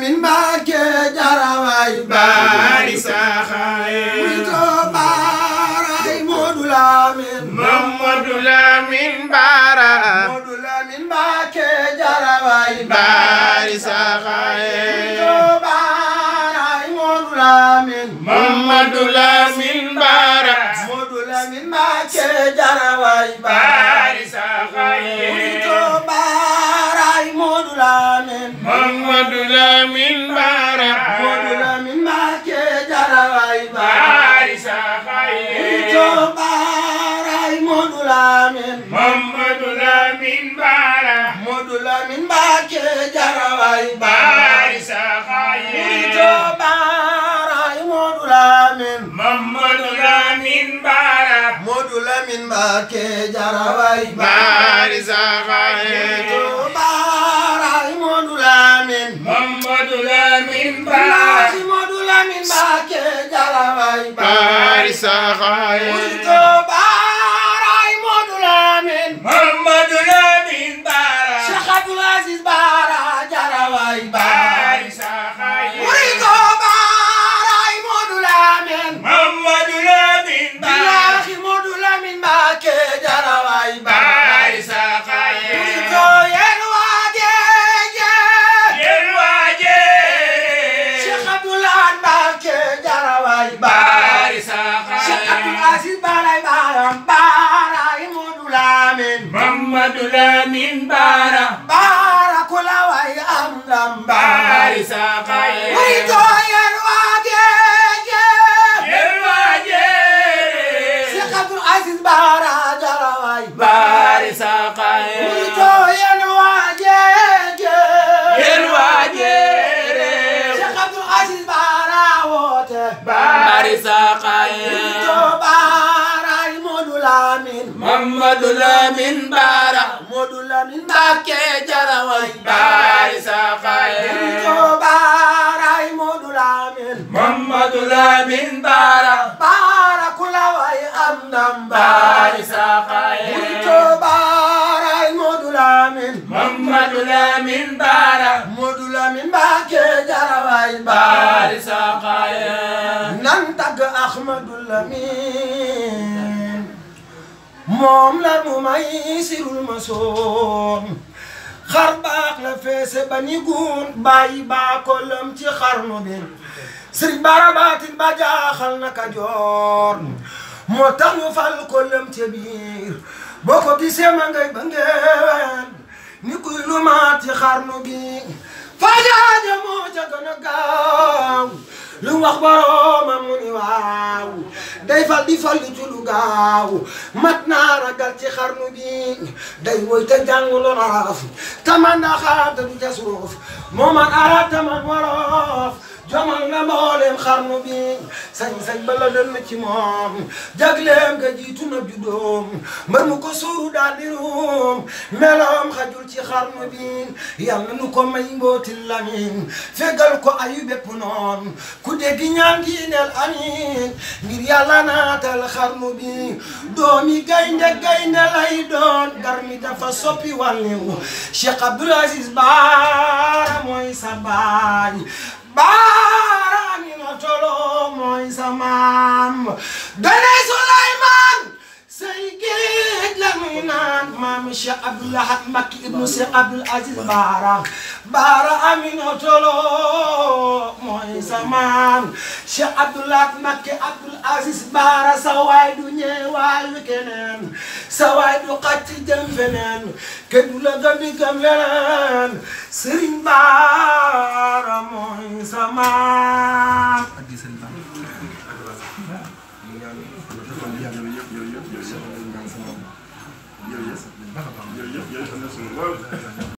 min Mbàkke jaraway baari saxaaye wito baaray Moodu Lamin Moodu Lamin baara Moodu Lamin Mbàkke jaraway baari saxaaye wito baaray Moodu Lamin Moodu Lamin baara Moodu Lamin Mbàkke jaraway baari baari sa xaye to baray Modou Lamine Mamadou Lamine Bara jaraway baari sa xaye to baray Modou Lamine Sahay min bara bara kula way am dam bari sa kay way to yer waje je yer waje si abdul aziz bara jara way bari sa kay way to yer waje je yer waje si abdul aziz bara wote bari sa kay way to bara modulamin mamadulamin bara Mbàkke jarawañ baay sa xayri ko baaraay Moodu Lamin Mamadu Lamin baara baara ku la way am ndam baay sa xayri ko baaraay Moodu Lamin Mamadu Lamin baara Moodu Lamin Mbàkke jarawañ baay sa xayri nan tagg Ahmadu Lamin moom la mu may sirul ma soon xar baax la feese ba ni guun bàyyi baa ko lëm ci xarnu bi sëriñ Bara Baatin ba jaaxal na Kajoor moo tax ñu fal ko lëm biir boo ko gisee ma ngay ni kuy lu maat ci xarnu gi fajaaja moo ca gën a gaaw lu wax boroomam mu ni waaw day fal di fal du gaaw mat naa ragal ci xarnu bi day woy te jàng lu raaf taman na xaata du ca suuf moo man araat taman waroof jomal na mboolem xarnu bi sañ-sañ ba la dal na ci moom jagleem nga jiitu na juddoom mbër mu ko suuru daal di ruum meloom xajul ci xarnu bi yàlla nu ko may mbooti lamin fegal ko ayu bépp noon ku dégg ñaan gi neel amin ngir yàlla naatal xarnu bi doomi gaynde gaynde lay doon gar mi dafa soppi wàlliw Cheikh Abdoul Aziz Baara mooy sa baay gane Souleymane say géej la muy naan maam Cheikh Abdoul Ahad Mbacké ibnu Cheikh Abdoul Aziz Baara Baara Aminatolo mooy sa maam Cheikh Abdoul Ahad Mbacké Abdoul Aziz Baara sa waay du ñeewaayu keneen sa waay du xàcc jëm feneen kenn du la gëndi gëm leneen Serigne Baara mooy sa maam ñu ñaan lu taxaw ñaan yooyu yëpp yooyu yëpp yooyu yëpp yooyu yëpp yooyu yëpp yooyu yëpp yooyu yëpp